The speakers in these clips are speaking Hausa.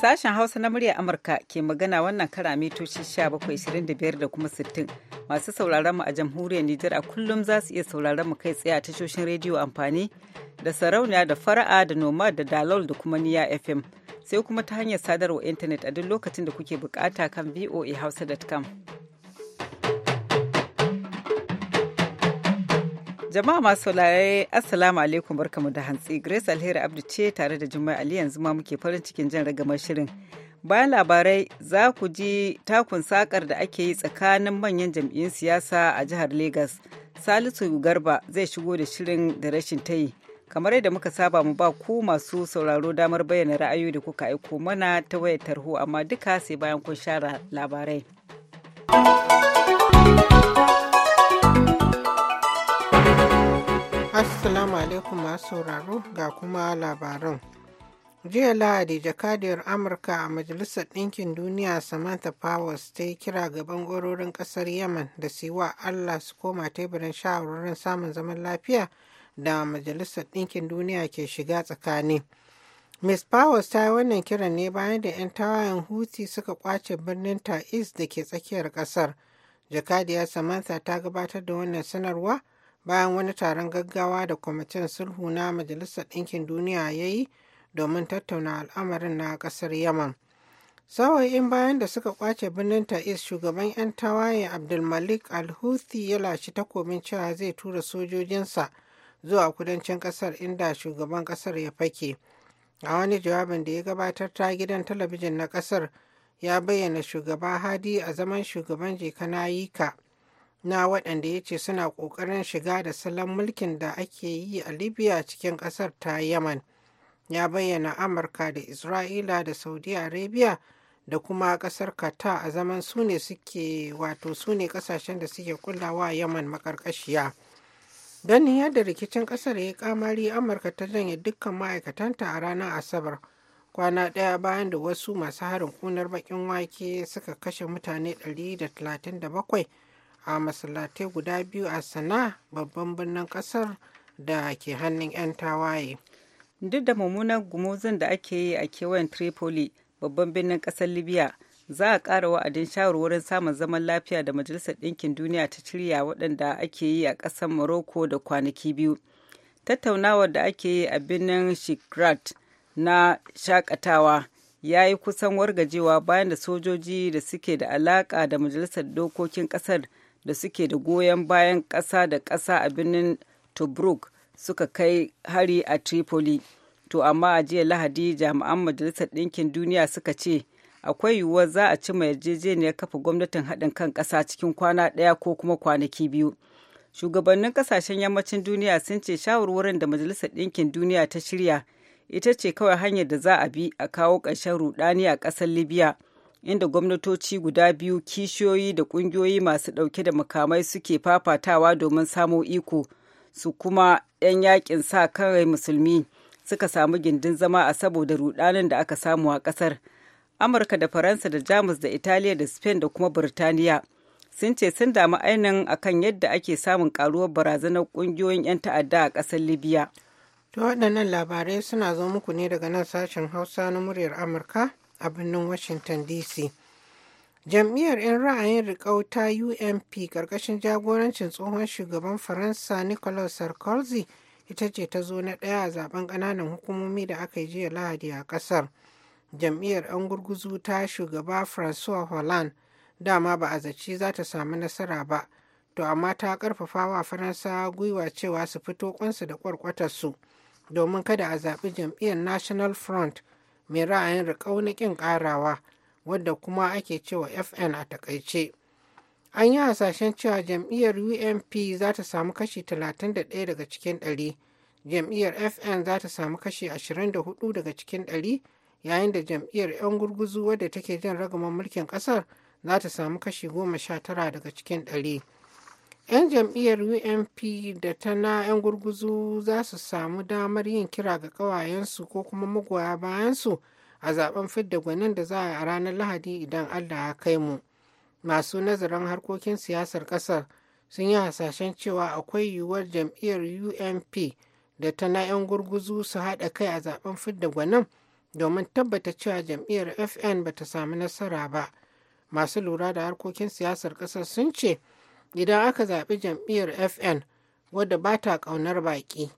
Sashen Hausa na murya Amurka ke magana wannan kara mitoci 1725 da kuma 60. Masu sauraron mu a jamhuriyar Nijar a kullum za su iya sauraron mu kai tsaye a tashoshin rediyo amfani da sarauniya da fara'a da noma da dalol da kuma niya FM. Sai kuma ta hanyar sadarwa intanet a duk lokacin da kuke bukata kan voahausa.com. Jama'a masu saurare Assalamu alaikum barkamu da hantsi Grace Alheri Abdu ce tare da Jummai Ali yanzu ma muke farin cikin jan ragamar shirin. Bayan labarai za ku ji takun sakar da ake yi tsakanin manyan jam'iyyun siyasa a jihar Legas. Salisu Garba zai shigo da shirin da rashin ta yi Kamar yadda muka saba mu ba ku masu sauraro damar bayyana ra'ayoyi da kuka aiko mana ta wayar tarho amma duka sai bayan kun share labarai. Assalamu alaikum masu sauraro ga kuma labaran. Jiya Lahadi jakadiyar Amurka a Majalisar Ɗinkin Duniya Samantha Powers ta yi kira ga bangarorin ƙasar Yemen da siwa Allah su koma teburin shawarwarin samun zaman lafiya da Majalisar Ɗinkin Duniya ke shiga tsakani. Ms. Powers ta yi wannan kiran ne bayan da 'yan tawayen Houthi suka kwace birnin Ta'iz da ke tsakiyar ƙasar. Jakadiyar Samantha ta gabatar da wannan sanarwa. bayan wani taron gaggawa da kwamitin sulhu na majalisar ɗinkin duniya ya yi domin tattauna al'amarin na ƙasar yaman in bayan da suka kwace birnin ta'is shugaban 'yan tawaye abdulmalik al-houthi ya lashe takobin cewa zai tura sojojinsa zuwa kudancin ƙasar inda shugaban ƙasar ya fake a wani jawabin da ya gabatar ta gidan talabijin na ƙasar ya bayyana shugaba hadi a zaman shugaban jeka na yika na waɗanda ya ce suna ƙoƙarin shiga da salon mulkin da ake yi a libya cikin ƙasar ta yaman ya bayyana amurka da isra'ila da saudi arabia da kuma ƙasar qatar a zaman su ne suke wato su ne ƙasashen da suke kullawa yaman maƙarƙashiya ganin yadda rikicin ƙasar ya kamari amurka ta janye dukkan ma'aikatanta a ranar asabar kwana ɗaya bayan da wasu masu harin kunar bakin wake suka kashe mutane 137 a masallatai guda biyu a sana babban birnin kasar da ke hannun 'yan tawaye duk da mummunan gumuzin da ake yi a kewayen tripoli babban birnin kasar libya za a ƙara wa'adin shawarwarin samun zaman lafiya da majalisar ɗinkin duniya ta shirya waɗanda ake yi a ƙasar morocco da kwanaki biyu tattaunawar da ake yi a birnin shikrat na shakatawa ya yi kusan wargajewa bayan da sojoji da suke da alaƙa da majalisar dokokin ƙasar da suke da goyon bayan ƙasa da ƙasa a birnin tobruk suka kai hari a tripoli to amma a jiya lahadi jami'an majalisar ɗinkin duniya suka ce akwai yiwuwar za a cima yarjejeniyar kafa gwamnatin haɗin kan ƙasa cikin kwana ɗaya ko kuma kwanaki biyu shugabannin ƙasashen yammacin duniya sun ce shawarwarin da majalisar ɗinkin duniya ta shirya ita ce kawai hanyar da za a bi a kawo ƙarshen rudani a ƙasar libya inda gwamnatoci guda biyu kishiyoyi da ƙungiyoyi masu ɗauke da makamai suke fafatawa domin samo iko su kuma 'yan yakin sa kan musulmi suka samu gindin zama a saboda rudanin da aka samu a ƙasar amurka da faransa da jamus da italiya da spain da kuma burtaniya sun ce sun damu ainin akan yadda ake samun karuwar barazanar ƙungiyoyin 'yan ta'adda a ƙasar libya to waɗannan labarai suna zo muku ne daga nan sashen hausa na muryar amurka a birnin washington dc jam'iyyar 'yan ra'ayin riƙau ta ump ƙarƙashin jagorancin tsohon shugaban faransa nicolas sarkozy ita ce ta zo na ɗaya a zaben ƙananan hukumomi da aka yi jiya lahadi a ƙasar jam'iyyar 'yan gurguzu ta shugaba francois hollande dama ba a zaci za ta samu nasara ba to amma ta karfafa wa faransa gwiwa cewa su fito kwansu da kwarkwatarsu domin kada a zaɓi jam'iyyar national front mai ra'ayin riƙau ƙin ƙarawa wadda kuma ake cewa fn a takaice an yi hasashen cewa jam'iyyar ump za ta samu kashi 31 daga cikin 100 jam'iyyar fn za ta samu kashi 24 daga cikin 100 yayin da jam'iyyar 'yan gurguzu wadda take jin ragaman mulkin kasar za ta samu kashi 19 daga cikin 100 'Yan jam'iyyar UMP da ta na 'yan gurguzu za su samu damar yin kira ga kawayensu ko kuma magoya bayansu a zaben fidda gwanin da za a ranar Lahadi idan Allah ya kai mu. Masu nazarin harkokin siyasar ƙasar sun yi hasashen cewa akwai yiwuwar jam'iyyar UMP da ta na 'yan gurguzu su haɗa kai a zaben fidda gwanin domin tabbata cewa jam'iyyar FN ba ta samu nasara ba. Masu lura da harkokin siyasar ƙasar sun ce. idan aka zaɓi jam'iyyar fn wadda ba ta ƙaunar baƙi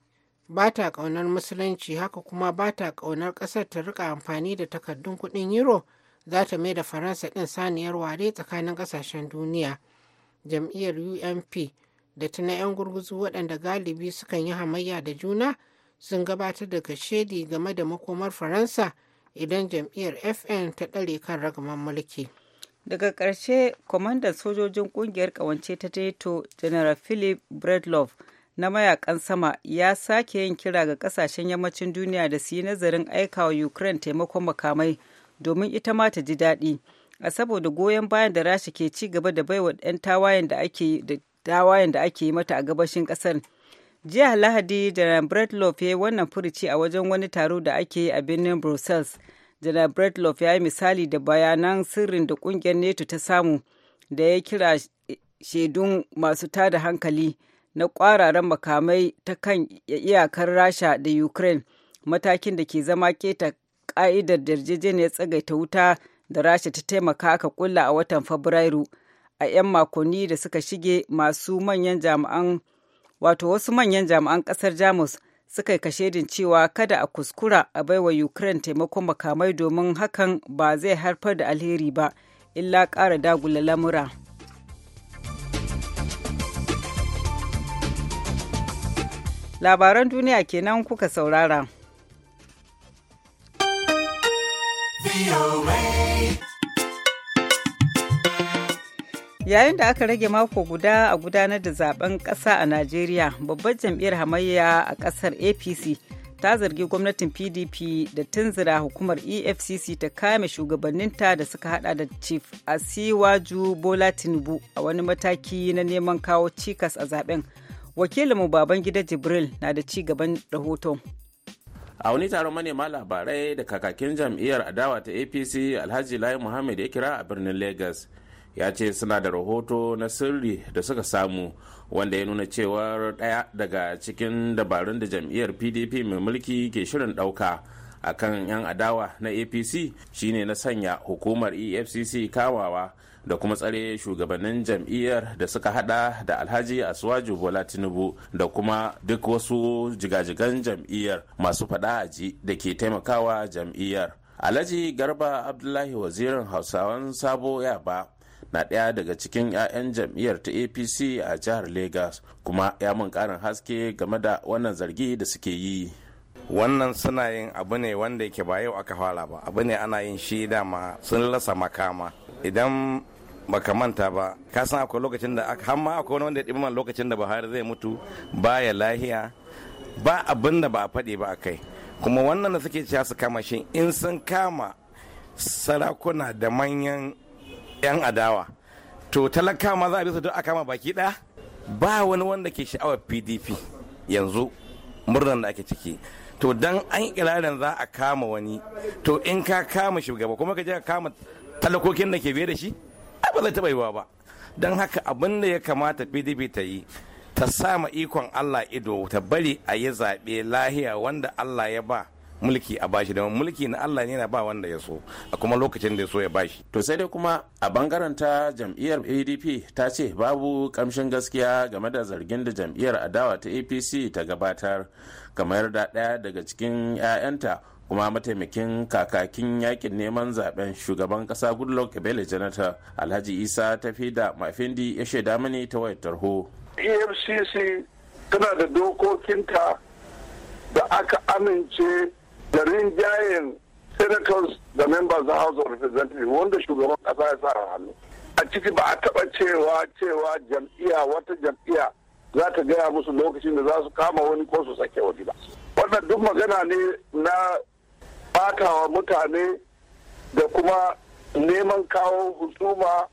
ba ta ƙaunar musulunci haka kuma ba ta ƙaunar ƙasar ta rika amfani da takardun kuɗin euro za ta mai da faransa ɗin saniyar ware tsakanin ƙasashen duniya jam'iyyar ump da ta na 'yan gurguzu waɗanda galibi sukan yi hamayya da juna sun gabatar da kashedi game da makomar faransa idan jam'iyyar fn ta ɗare kan ragaman mulki daga ƙarshe kwamandan sojojin ƙungiyar ƙawance ta teto general philip bredlov na mayakan sama ya sake yin kira ga ƙasashen yammacin duniya da su yi nazarin aika wa ukraine taimakon makamai domin ita ma ta ji daɗi a saboda goyon bayan da rasha ke ci gaba da baiwa 'yan tawayen da ake tawayen da ake yi mata a gabashin ƙasar jiya lahadi da bredlov ya yi wannan furuci a wajen wani taro da ake yi a birnin brussels janar bretlov ya yi misali da bayanan sirrin da kungiyar neto ta samu da ya kira shaidun masu tada hankali na kwararan makamai ta kan iyakar rasha da ukraine matakin da ke zama keta ka'idar yarjejeniyar tsagaita wuta da rasha ta taimaka aka kulla a watan fabrairu a 'yan makonni da suka shige masu manyan jami'an wato wasu manyan jami'an kasar jamus suka yi kashedin cewa kada a kuskura a baiwa ukraine taimakon makamai domin hakan ba zai haifar da alheri ba illa ƙara dagula lamura labaran duniya kenan kuka saurara. yayin da aka rage mako guda a gudanar da zaben kasa a najeriya babbar jam'iyyar hamayya a kasar apc ta zargi gwamnatin pdp da tunzura hukumar efcc ta kame shugabanninta da suka hada da chief asiwaju bola tinubu a wani mataki na neman kawo cikas a zaben wakilinmu baban gida jibril na da ci gaban rahoton a wani taron manema labarai da kakakin jam'iyyar adawa ta apc alhaji lai muhammad ya kira a birnin lagos ya ce suna da rahoto na sirri da suka samu wanda ya nuna cewar ɗaya daga cikin dabarun da jam'iyyar pdp mai mulki ke shirin ɗauka a kan 'yan adawa na apc shine na sanya hukumar efcc kamawa da kuma tsare shugabannin jam'iyyar da suka hada da alhaji asuwaju bola tinubu da kuma duk wasu jigajigan jam'iyyar masu fada aji da ke taimakawa jam'iyyar alhaji garba abdullahi wazirin hausawan sabo yaba na ɗaya daga cikin 'ya'yan jam'iyyar ta apc a jihar lagos kuma ya mun ƙarin haske game da wannan zargi da suke yi wannan suna yin abu ne wanda yake ba yau aka fara ba abu ne ana yin shi dama sun rasa makama idan baka manta ba ka san akwai lokacin da aka hamma akwai wani wanda ya ɗibi lokacin da buhari zai mutu baya lahiya ba abin da ba a faɗi ba a kai kuma wannan da suke cewa su kama shi in sun kama sarakuna da manyan 'yan adawa to talaka ma za a bisa duk a kama baki ɗaya ba wani wanda ke sha'awar pdp yanzu murnan da ake ciki to dan an kirarin za a kama wani to in ka kama shugaba kuma ka je ka kama talakokin da ke biye da shi ai ba zai taɓa yiwa ba don haka abin da ya kamata pdp ta yi ta sama ikon allah ido ta bari a yi zaɓe lahiya wanda allah ya ba mulki a bashi da mulki na Allah ne na ba wanda ya so a kuma lokacin da ya so ya bashi. To sai dai kuma a bangaren ta jam'iyyar ADP ta ce babu kamshin gaskiya game da zargin da jam'iyyar adawa ta APC ta gabatar kamar da ɗaya daga cikin 'ya'yanta kuma mataimakin kakakin yakin neman zaben shugaban kasa goodluck ebele janata alhaji isa tafi da mafindi ya shaida mani ta wayar tarho efcc tana da dokokinta da aka amince da rinjayen senators da members the house of representatives wanda shugaban kasa ya sa a hannu a ciki ba a taba cewa cewa jam'iyya wata jam'iyya za ta gaya musu lokacin da za su kama wani ko su sake wani ba wannan duk magana ne na batawa mutane da kuma neman kawo husuma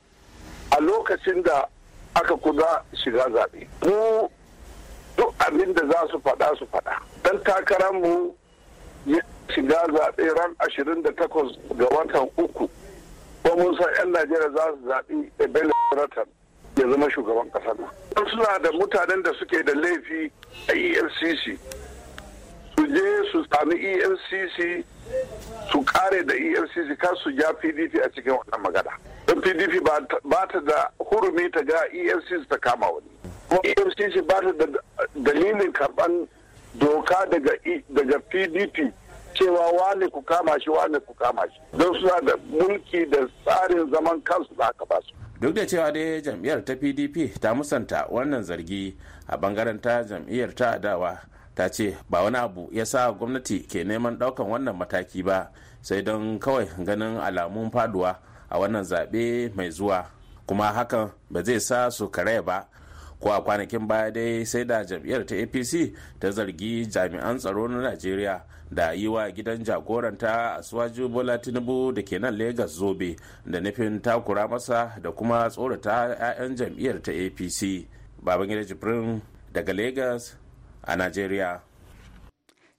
a lokacin da aka kuda shiga zaɓe mu duk abin da za su faɗa su faɗa dan mu. shiga zaɓe ran 28 ga watan uku ko mun san 'yan najeriya za su zaɓi ebele jonathan ya zama shugaban ƙasa na suna da mutanen da suke da laifi a efcc su je su sami efcc su kare da efcc kar su ja pdp a cikin wannan magana don pdp ba ta da hurumi ta ga efcc ta kama wani kuma efcc ba ta da dalilin karɓan. doka daga pdp cewa wane ku kama shi wane ku kama shi don suna da mulki da tsarin zaman kansu da aka basu duk da cewa dai jam'iyyar ta pdp ta musanta wannan zargi a bangaren ta jam'iyyar ta adawa ta ce ba wani abu ya sa gwamnati ke neman daukan wannan mataki ba sai don kawai ganin alamun faduwa a wannan zaɓe mai zuwa kuma hakan ba zai sa su karaya ba ko a kwanakin baya dai sai da jam'iyyar ta apc ta zargi jami'an tsaro na najeriya da yi wa gidan jagoranta a suwaju bola tinubu da ke nan lagos zobe da nufin takura masa da kuma tsorata 'ya'yan jam'iyyar ta apc babangida jibrin daga lagos a najeriya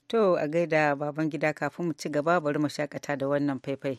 to a gaida babangida kafin mu ci gaba bari mu shakata da wannan faifai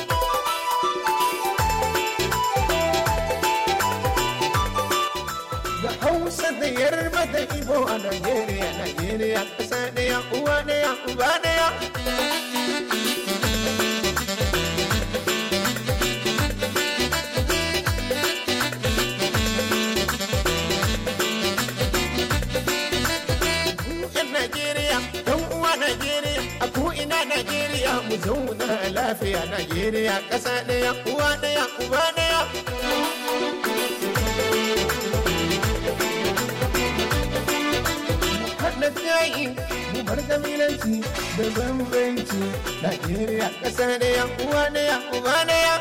tsayar mata ibo a Najeriya, Najeriya ƙasa ɗaya uwa ɗaya uba ɗaya. Najeriya mu zauna lafiya Najeriya ƙasa ɗaya uwa ɗaya uba ɗaya. yaƙi mu bar kabilanci da bambanci Najeriya ƙasa da ya uwa da ya uba da ya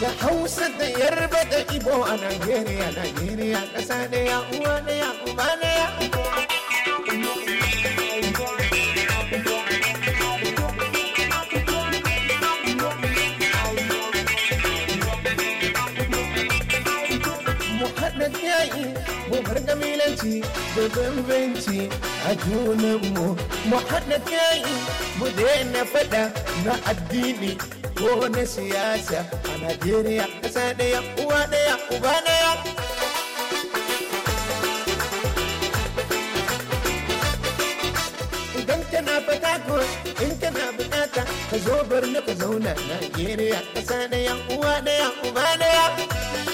Da Hausa da Yarba da Ibo a Najeriya, Najeriya ƙasa da ya uwa da ya uba da ya ci da bambanci a junanmu mu haɗa kai mu daina faɗa na addini ko na siyasa a Najeriya ƙasa ɗaya uwa ɗaya uba ɗaya. Idan kana fata ko in kana buƙata ka zo bar na ka zauna Najeriya ƙasa ɗaya uwa ɗaya uba ɗaya.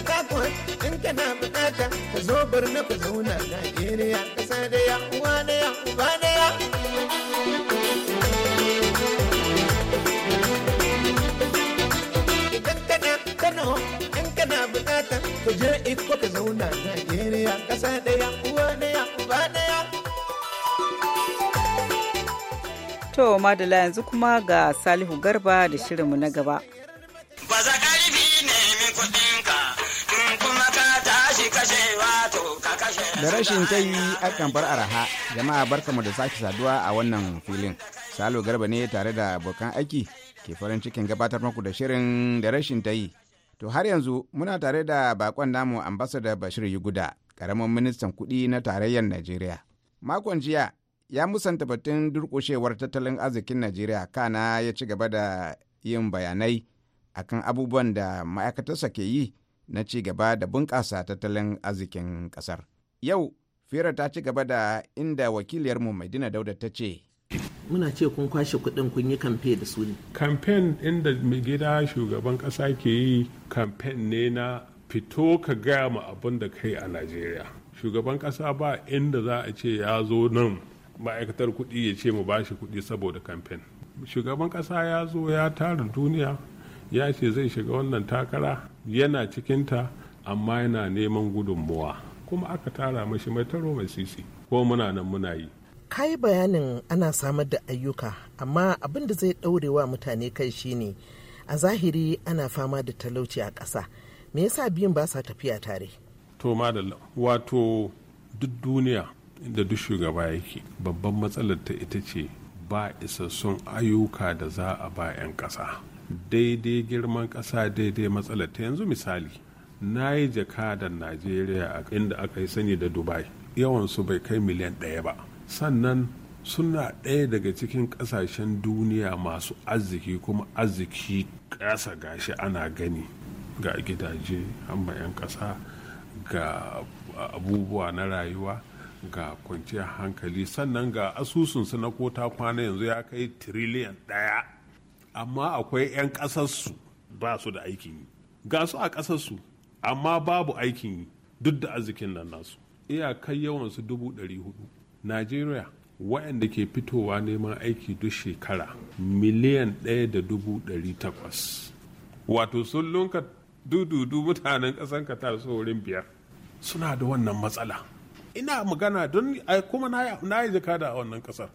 Fatakwal in kana bukata ka zo Barna ku zauna Najeriya ƙasa daya uwa daya uba ya? Idan kana Kano in kana bukata ku je ka zauna Najeriya ƙasa daya uwa ya? uba daya. To madala yanzu kuma ga Salihu Garba da shirinmu na gaba. da rashin ta yi akan bar araha jama'a barkamu da sake saduwa a wannan filin salo garba ne tare da abokan aiki ke farin cikin gabatar muku da shirin da rashin ta yi to har yanzu muna tare da bakon namu ambassador bashir yuguda karamin ministan kudi na tarayyar najeriya makon jiya ya musanta batun durƙushewar tattalin arzikin najeriya kana ya ci gaba da yin bayanai akan abubuwan da ma'aikatarsa ke yi na ci gaba da bunƙasa tattalin arzikin ƙasar. Yau, Fira ta ci gaba da inda wakiliyarmu Maidina Dauda ta ce. Muna ce kun kwashe kuɗin kun yi kamfe da su ne. Kamfen inda gida shugaban ƙasa ke yi kamfen ne na fito ka gaya ma abin da kai a Najeriya. Shugaban ƙasa ba inda za a ce ya zo nan ma'aikatar kuɗi ya ce mu bashi kuɗi saboda kamfen. Shugaban ƙasa ya zo ya tara duniya ya ce zai shiga wannan takara yana cikinta amma yana neman gudunmuwa. kuma aka tara mashi mai taro mai sisi ko muna nan muna yi kai bayanin ana samar da ayyuka amma abin da zai wa mutane kai shine a zahiri ana fama da talauci a ƙasa me yasa biyun ba sa tafiya tare to madalla wato duk duniya da duk shugaba yake babban matsalar ta ita ce ba isassun ayyuka da za a ba 'yan ƙasa daidai girman ƙasa daidai matsalar ta yanzu misali na yi jakadan najeriya inda aka yi sani da dubai yawansu bai kai miliyan ɗaya ba sannan suna ɗaya daga cikin ƙasashen duniya masu arziki kuma arziki ƙasa gashi ana gani ga gidaje amma 'yan ƙasa ga abubuwa na rayuwa ga kwanciyar hankali sannan ga asusunsu na kota kwana yanzu ya kai tiriliyan ɗaya amma akwai 'yan ƙasarsu ba su da aikin yi ga su a ƙasarsu amma babu aikin yi duk da arzikin nan nasu iyakar su dubu ɗari hudu najeriya waɗanda ke fitowa neman aiki duk shekara miliyan ɗaya da dubu ɗari takwas wato sun lunka dududu mutanen ƙasan katar su wurin biyar suna da wannan matsala ina magana don kuma na yi jika da wannan ƙasar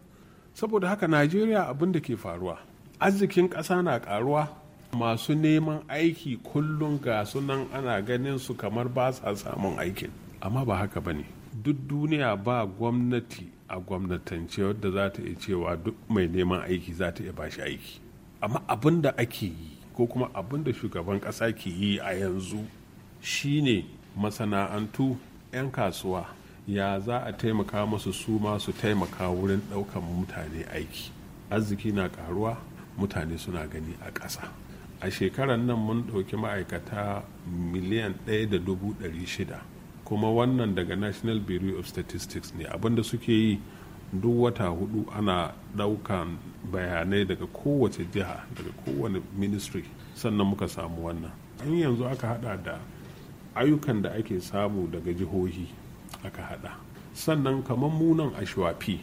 saboda haka najeriya abin da ke faruwa arzikin ƙasa na ƙaruwa masu neman aiki kullum ga sunan ana ganin su kamar ba sa samun aikin amma ba haka ba ne duk duniya ba gwamnati a gwamnatance wadda za ta iya cewa duk mai neman aiki za ta iya ba shi aiki amma abin da ake yi ko kuma abin da shugaban ƙasa ke yi a yanzu shi ne masana'antu 'yan kasuwa ya za a taimaka musu su ma su taimaka wurin ɗaukan mutane aiki arziki na ƙaruwa mutane suna gani a ƙasa a shekarar nan mun ɗauki ma'aikata miliyan ɗaya da dubu ɗari shida kuma wannan daga national bureau of statistics ne abinda suke yi duk wata hudu ana ɗaukan bayanai daga kowace jiha daga kowane ministry sannan muka samu wannan an yanzu aka hada da ayyukan da ake samu daga jihohi aka hada sannan kamar munan ashwafi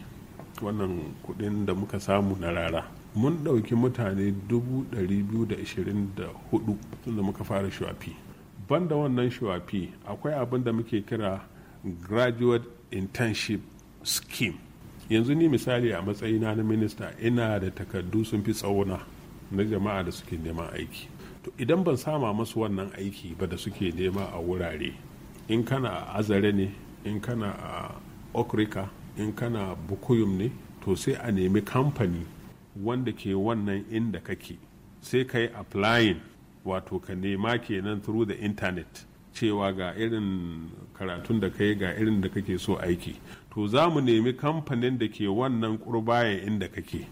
wannan kudin da muka samu na rara mun ɗauki mutane 224 tun da muka fara shuwafi banda wannan shuwafi akwai abin da muke kira graduate internship scheme yanzu ni misali a matsayina na minista ina da takardu sun fi tsawona na jama'a da suke neman aiki to idan ban sama masu wannan aiki ba da suke nema a wurare in kana a azare ne in kana a okrika in kana bukuyum ne to sai a nemi kamfani wanda ke wannan inda kake sai ka yi applying wato ka nema kenan through the internet cewa ga irin karatun da ka kai ga irin da kake so aiki to za mu nemi kamfanin da ke wannan kurbaya inda kake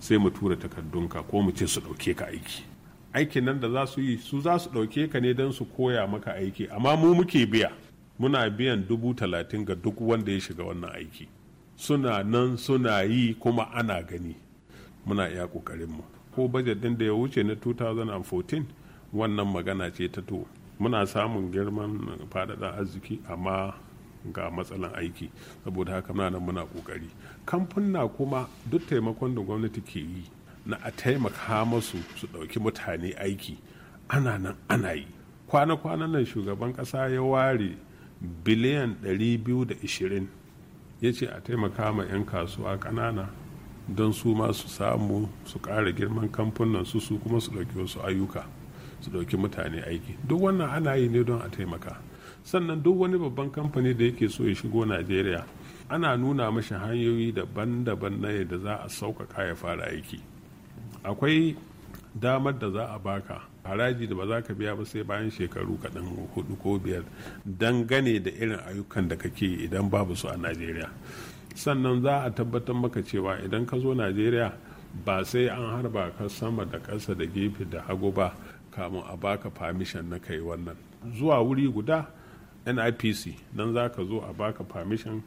sai mu tura takardunka ko mu ce su ɗauke ka aiki aikin nan da za su yi su za su ɗauke ka ne don su koya maka aiki amma mu muke biya muna biyan dubu talatin ga duk wanda ya shiga wannan aiki suna nan suna yi kuma ana gani muna iya ƙoƙarinmu ko bajet ɗin da ya wuce na 2014 wannan magana ce ta to muna samun girman faɗaɗa arziki amma ga matsalan aiki saboda haka muna nan muna ƙoƙari kamfuna kuma duk taimakon da gwamnati ke yi na a taimaka masu su ɗauki mutane aiki ana nan ana yi kwana-kwanan nan shugaban ƙasa ya ware biliyan 220 ya ce a taimaka ma 'yan kasuwa ƙanana don su ma su samu su ƙara girman kamfanin su su kuma su ɗauki wasu ayyuka su ɗauki mutane aiki duk wannan ana yi ne don a taimaka sannan duk wani babban kamfani da yake so ya shigo najeriya ana nuna mashi hanyoyi daban-daban na yadda za a sauƙaƙa ya fara aiki akwai damar da za a baka haraji da ba za ka biya ba sai bayan shekaru kaɗan hudu ko biyar dangane da irin ayyukan da kake idan babu su a najeriya sannan za a tabbatar maka cewa idan ka zo najeriya ba sai an harba ka sama da ƙasa da gefe da hagu ba kamun a baka famishan na kai wannan zuwa wuri guda nipc nan za ka zo a baka famishan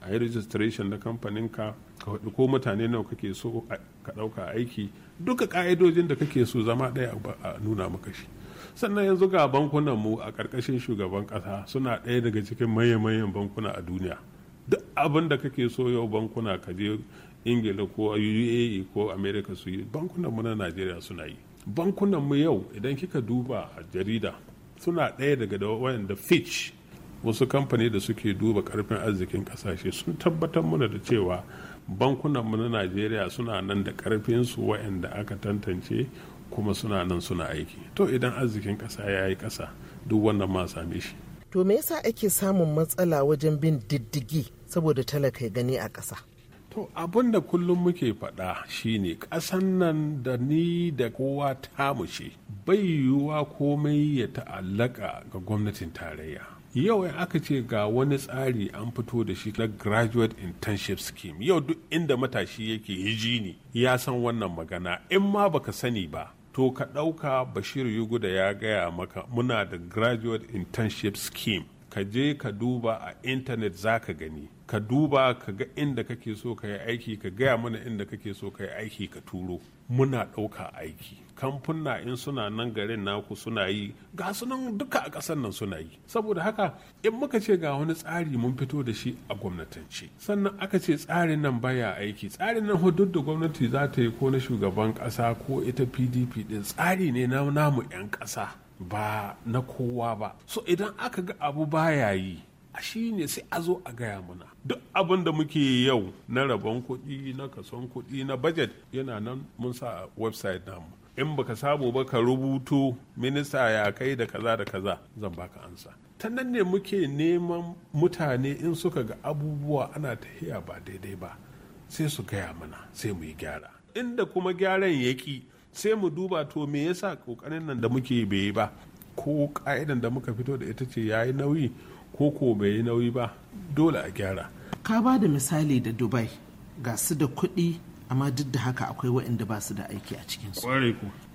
a yi registration na kamfanin ka ko mutane nawa kake so ka ɗauka aiki duka ka'idojin da kake so zama ɗaya a nuna maka shi sannan yanzu ga bankunan mu a ƙarƙashin shugaban ƙasa suna ɗaya daga cikin manya-manyan bankuna a duniya duk abin da kake so yau bankuna ka je ingila ko uae ko america su yi bankunan mu na najeriya suna yi bankunan mu yau idan kika duba a jarida suna ɗaya daga da wayanda fitch wasu kamfani da suke duba karfin arzikin kasashe sun tabbatar mana da cewa bankunan mu na najeriya suna nan da karfin su wayanda aka tantance kuma suna nan suna aiki to idan arzikin kasa ya yi kasa duk wannan ma same shi to me yasa ake samun matsala wajen bin diddigi saboda talakai gani a ƙasa to abin da kullum muke faɗa shine ƙasan nan da ni da kowa ta mushe bai yiwuwa komai ya ta'allaka ga gwamnatin tarayya yau ya aka ce ga wani tsari an fito da shi na graduate internship scheme yau duk inda matashi yake hiji ne ya san wannan magana in ma baka sani ba to ka ɗauka bashir yugu da ya gaya maka muna da graduate internship scheme ka je ka duba a intanet za ka gani ka duba ka ga inda kake so ka yi aiki ka gaya mana inda kake so ka yi aiki ka turo muna ɗauka aiki kamfuna in suna nan garin naku suna yi ga sunan duka a ƙasar nan suna yi saboda haka in muka ce ga wani tsari mun fito da shi a gwamnatance sannan aka ce tsarin nan baya aiki tsarin nan duk da gwamnati za ta yi ko na shugaban ƙasa ko ita pdp ɗin tsari ne na namu 'yan ƙasa ba na kowa ba so idan aka ga abu baya yi a shi ne sai a zo a gaya mana duk abin da muke yau na rabon kuɗi na kason kuɗi na budget yana nan mun sa a website namu in baka samu ba ka rubutu minista ya kai da kaza da kaza zan baka ansa ta nan ne muke neman mutane in suka ga abubuwa ana tahiya ba daidai ba sai su gaya mana sai mu yi gyara inda kuma gyaran yaki sai mu duba to me yasa kokarin nan da muke bai ba ko ka'idan da muka fito da ita ce yayi nauyi Koko bai yi nauyi ba dole a gyara ka ba da misali da dubai ga su da kuɗi amma duk da haka akwai waɗanda ba su da aiki a cikinsu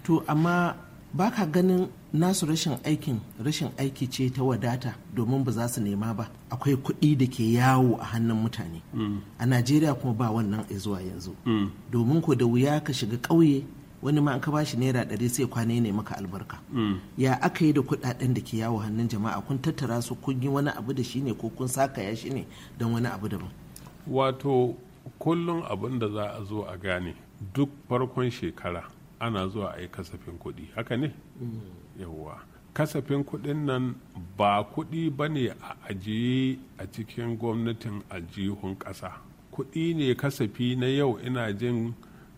to amma ba ka ganin nasu rashin aikin rashin aiki ce ta wadata domin ba za su nema ba akwai kuɗi da ke yawo a hannun mutane mm. a najeriya kuma ba wannan zuwa yanzu mm. domin ko da wuya ka shiga ƙauye wani ma an ka bashi naira ɗari sai kwana ne maka albarka mm. ya aka yi da kuɗaɗen da ke yawo hannun jama'a kun tattara su kun yi wani abu da shi ne ko kun ya shi ne don wani abu daban wato kullum abin da za a zo a gane duk farkon shekara ana zuwa a yi kasafin kuɗi haka ne mm. yawwa kasafin kuɗin nan ba kuɗi ba ne a ajiye a cikin gwamnatin aljihun ƙasa kuɗi ne kasafi na yau ina jin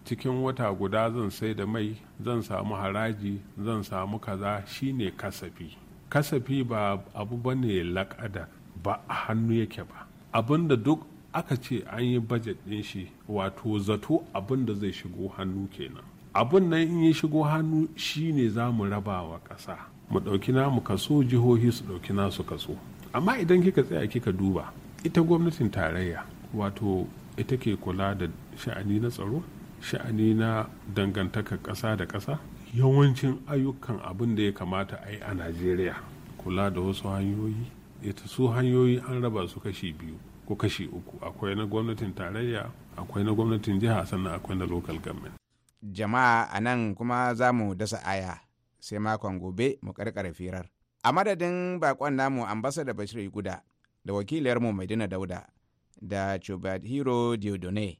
cikin wata guda zan sai da mai zan samu haraji zan samu kaza shine kasafi kasafi ba abu bane laƙada ba a hannu yake ba abinda duk aka ce an yi bajet ɗin shi wato zato abin da zai shigo hannu kenan abin nan in ya shigo hannu shine za mu raba wa ƙasa mu ɗauki namu kaso jihohi su ɗauki nasu kaso amma idan kika tsaya kika duba ita gwamnatin tarayya wato ita ke kula da sha'ani na tsaro sha'ani na dangantaka ƙasa da ƙasa yawancin ayyukan abin da ya kamata a yi a najeriya kula da wasu hanyoyi ita su hanyoyi an raba su kashi biyu ko kashi uku akwai na gwamnatin tarayya akwai na gwamnatin jiha sannan akwai na local government jama'a a nan kuma za mu dasa aya sai makon gobe mu karkara firar a madadin bakon namu ambasada bashir guda da wakiliyarmu maidina dauda da chubad hero diodone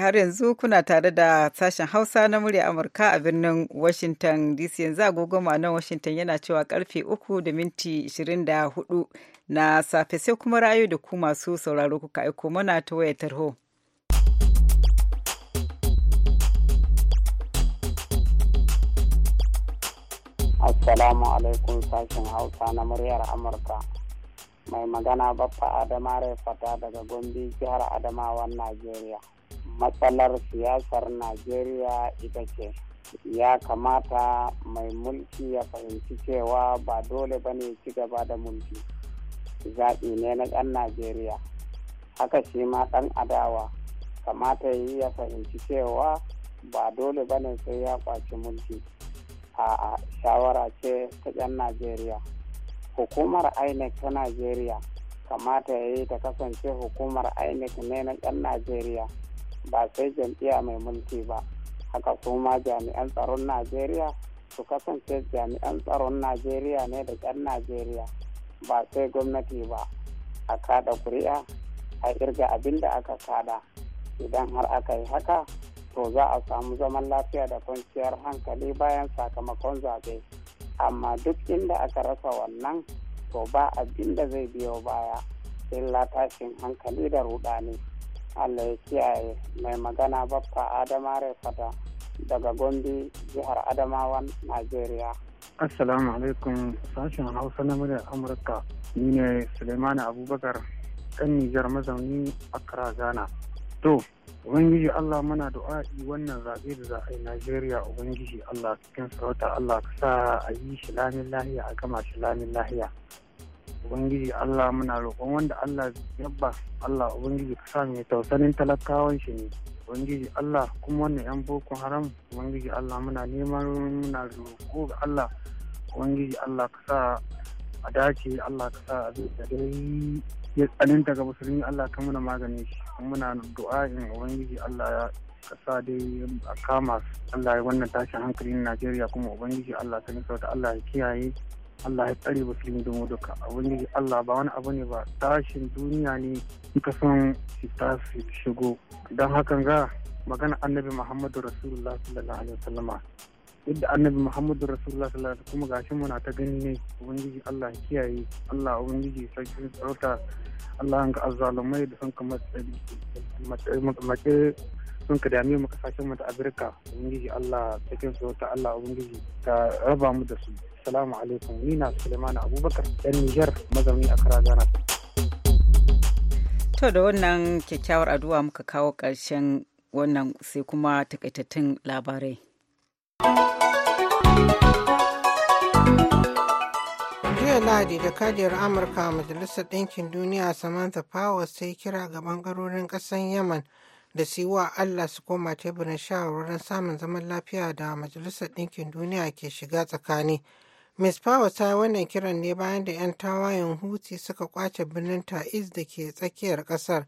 har yanzu kuna tare da sashen hausa na murya amurka a birnin washington dc yanzu agogo nan washington yana cewa karfe 3 da minti 24 na safe sai kuma rayu da ku masu sauraro kuka aiko mana ta waya tarho assalamu alaikum sashen hausa na muryar amurka mai magana baffa adamare fata daga gombe jihar adamawan najeriya matsalar siyasar najeriya ita ce ya kamata mai mulki ya fahimci cewa ba dole ba ne ci gaba da mulki zaɓi ne na ɗan najeriya haka shi ma ɗan adawa kamata yi ya fahimci cewa ba dole ba ne sai ya kwaci mulki a shawara ce ta ɗan najeriya hukumar inec ta najeriya kamata ya yi ta kasance hukumar inec ne na ɗan najeriya ba sai jam'iyya mai mulki ba haka kuma jami'an tsaron najeriya su kasance jami'an tsaron najeriya ne da 'yan najeriya ba sai gwamnati ba a kada kuri'a a irga abin da aka kada idan har aka yi haka to za a samu zaman lafiya da kwanciyar hankali bayan sakamakon zaɓe amma duk inda aka rasa wannan to ba abin da zai biyo baya illa tashin hankali da rudani. Allah ya kiyaye mai magana baffa Adama Refata daga Gombe jihar Adamawan Najeriya. Assalamu alaikum sashen Hausa na muryar Amurka ni ne Suleiman Abubakar ɗan Nijar mazauni Accra Ghana. To, Ubangiji Allah muna du'a'i wannan zaɓe da za a yi Najeriya Ubangiji Allah cikin sarauta Allah ka sa a yi shi lamin lahiya a gama shi lamin lahiya. ubangiji allah muna roƙon wanda allah yabba allah ubangiji ka sa mai tausanin talakawan shi ne ubangiji allah kuma wannan yan boko haram ubangiji allah muna neman muna roƙo ga allah ubangiji allah ka sa a dace allah ka sa a da dai ya tsananta ga musulmi allah ka muna magani shi muna in ubangiji allah ya kasa dai a kama Allah ya wannan tashin hankali na Najeriya kuma Ubangiji Allah ta sauta Allah ya kiyaye Allah ya tsare musulmi da duka abin Allah ba wani abu ne ba tashin duniya ne ka san su fi shigo don hakan ga magana annabi Muhammadu Rasulullah sallallahu alaihi wasallama yadda annabi Muhammadu Rasulullah sallallahu alaihi kuma gashi muna ta gani ne ubangiji Allah ya kiyaye Allah ubangiji sarki tsarauta Allah ga azzalumai da sun kamar mace sun ka dami mu kasashen mu da Afirka ubangiji Allah cikin tsarauta Allah ubangiji ka raba mu da su Assalamu alaikum ni na Suleiman Abubakar dan Nijar mazauni a Kara To da wannan kyakkyawar addu'a muka kawo ƙarshen wannan sai kuma takaitattun labarai. jiya lahadi da kadiyar amurka a majalisar ɗinkin duniya samantha powers sai kira ga bangarorin ƙasar yaman da su yi allah su koma teburin shawarwarin samun zaman lafiya da majalisar ɗinkin duniya ke shiga tsakani Ms. Power ta wannan kiran ne bayan da 'yan tawayen Houthi suka kwace birnin Ta'iz da ke tsakiyar kasar.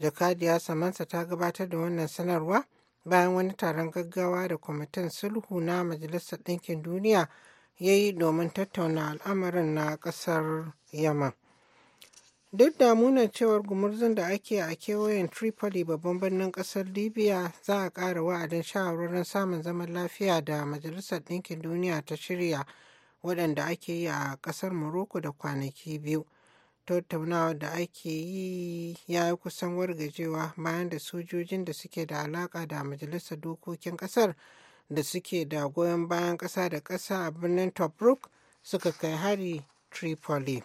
Jakadiya Samansa ta gabatar da wannan sanarwa bayan wani taron gaggawa da kwamitin sulhu na Majalisar Ɗinkin Duniya ya yi domin tattauna al'amarin na kasar Yaman. Duk da munan cewar gumurzun da ake a kewayen Tripoli babban birnin kasar Libya za a ƙara wa'adin shawarwarin samun zaman lafiya da Majalisar Ɗinkin Duniya ta shirya. waɗanda ake yi a ƙasar Morocco da kwanaki biyu. Tattaunawa da ake yi ya yi kusan wargajewa bayan da sojojin da suke da alaƙa da Majalisar Dokokin ƙasar da suke da goyon bayan ƙasa da ƙasa a birnin Tobruk suka kai hari Tripoli.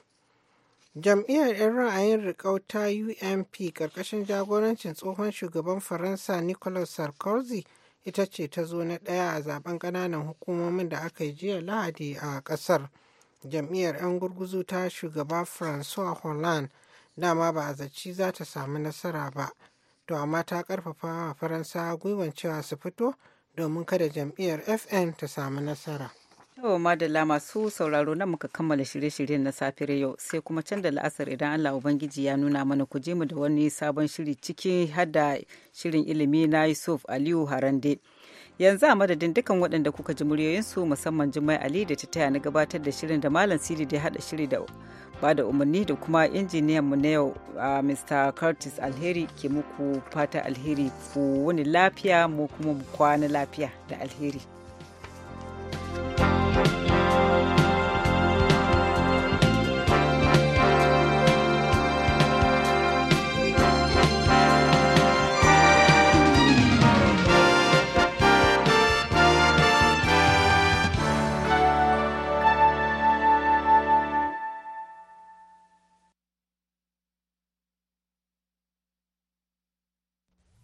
Jam'iyyar 'yan ra'ayin riƙau ta UMP ƙarƙashin jagorancin tsohon shugaban Faransa Nicolas Sarkozy ita ce ta zo na ɗaya a zaben ƙananan hukumomin da aka yi jiya lahadi a ƙasar jam'iyyar 'yan gurguzu ta shugaba francois hollande dama ba a zaci za ta samu nasara ba to amma ta ƙarfafa wa faransa gwiwan cewa su fito domin kada jam'iyyar fn ta samu nasara Yau madalla masu sauraro na muka kammala shirye-shiryen na safiyar yau sai kuma can da la'asar idan Allah Ubangiji ya nuna mana ku je mu da wani sabon shiri ciki hada shirin ilimi na Yusuf Aliyu Harande. Yanzu a madadin dukan waɗanda kuka ji muryoyinsu musamman Jummai Ali da ta taya na gabatar da shirin da Malam Sidi da hada shiri da ba da umarni da kuma injiniyan mu na yau Mr. Curtis Alheri ke muku fata alheri ku wani lafiya mu kuma mu kwana lafiya da alheri.